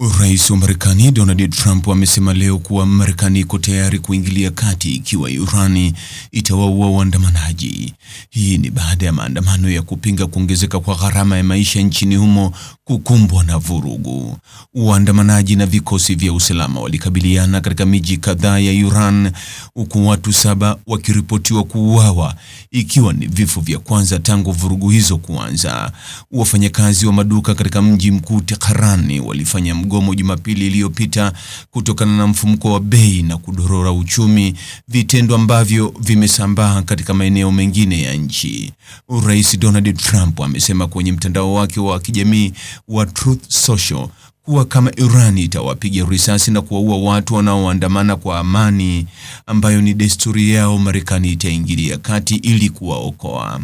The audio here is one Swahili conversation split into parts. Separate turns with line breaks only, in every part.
Oh. Rais wa Marekani Donald Trump amesema leo kuwa Marekani iko tayari kuingilia kati ikiwa Iran itawaua waandamanaji. Hii ni baada ya maandamano ya kupinga kuongezeka kwa gharama ya maisha nchini humo kukumbwa na vurugu. Waandamanaji na vikosi vya usalama walikabiliana katika miji kadhaa ya Iran, huku watu saba wakiripotiwa kuuawa, ikiwa ni vifo vya kwanza tangu vurugu hizo kuanza. Wafanyakazi wa maduka katika mji mkuu Tehran walifanya mgomo Jumapili iliyopita kutokana na mfumuko wa bei na kudorora uchumi, vitendo ambavyo vimesambaa katika maeneo mengine ya nchi. Rais Donald Trump amesema kwenye mtandao wake wa kijamii wa Truth Social kuwa kama Iran itawapiga risasi na kuwaua watu wanaoandamana kwa amani, ambayo ni desturi yao, Marekani itaingilia kati ili kuwaokoa.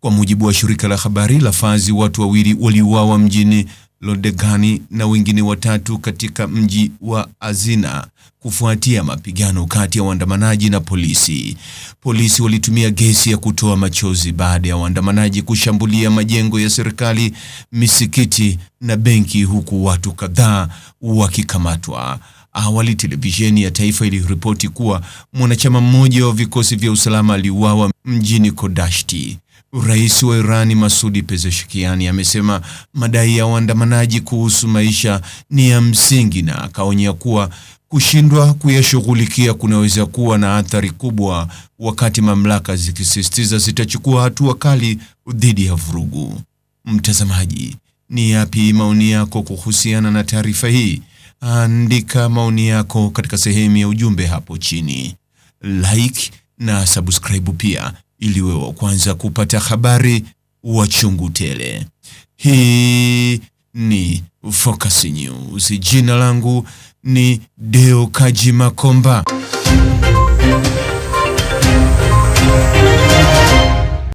Kwa mujibu wa shirika la habari la Fazi, watu wawili waliuawa mjini Lodegani na wengine watatu katika mji wa Azina kufuatia mapigano kati ya waandamanaji na polisi. Polisi walitumia gesi ya kutoa machozi baada ya waandamanaji kushambulia majengo ya serikali, misikiti na benki huku watu kadhaa wakikamatwa. Awali televisheni ya taifa iliripoti kuwa mwanachama mmoja wa vikosi vya usalama aliuawa mjini Kodashti. Rais wa Irani Masudi Pezeshkiani amesema madai ya waandamanaji kuhusu maisha ni ya msingi na akaonya kuwa kushindwa kuyashughulikia kunaweza kuwa na athari kubwa, wakati mamlaka zikisisitiza zitachukua hatua kali dhidi ya vurugu. Mtazamaji, ni yapi maoni yako kuhusiana na taarifa hii? Andika maoni yako katika sehemu ya ujumbe hapo chini, like na subscribe pia ili wewe wa kwanza kupata habari wa chungu tele. Hii ni Focus News. Jina langu ni Deo Kaji Makomba.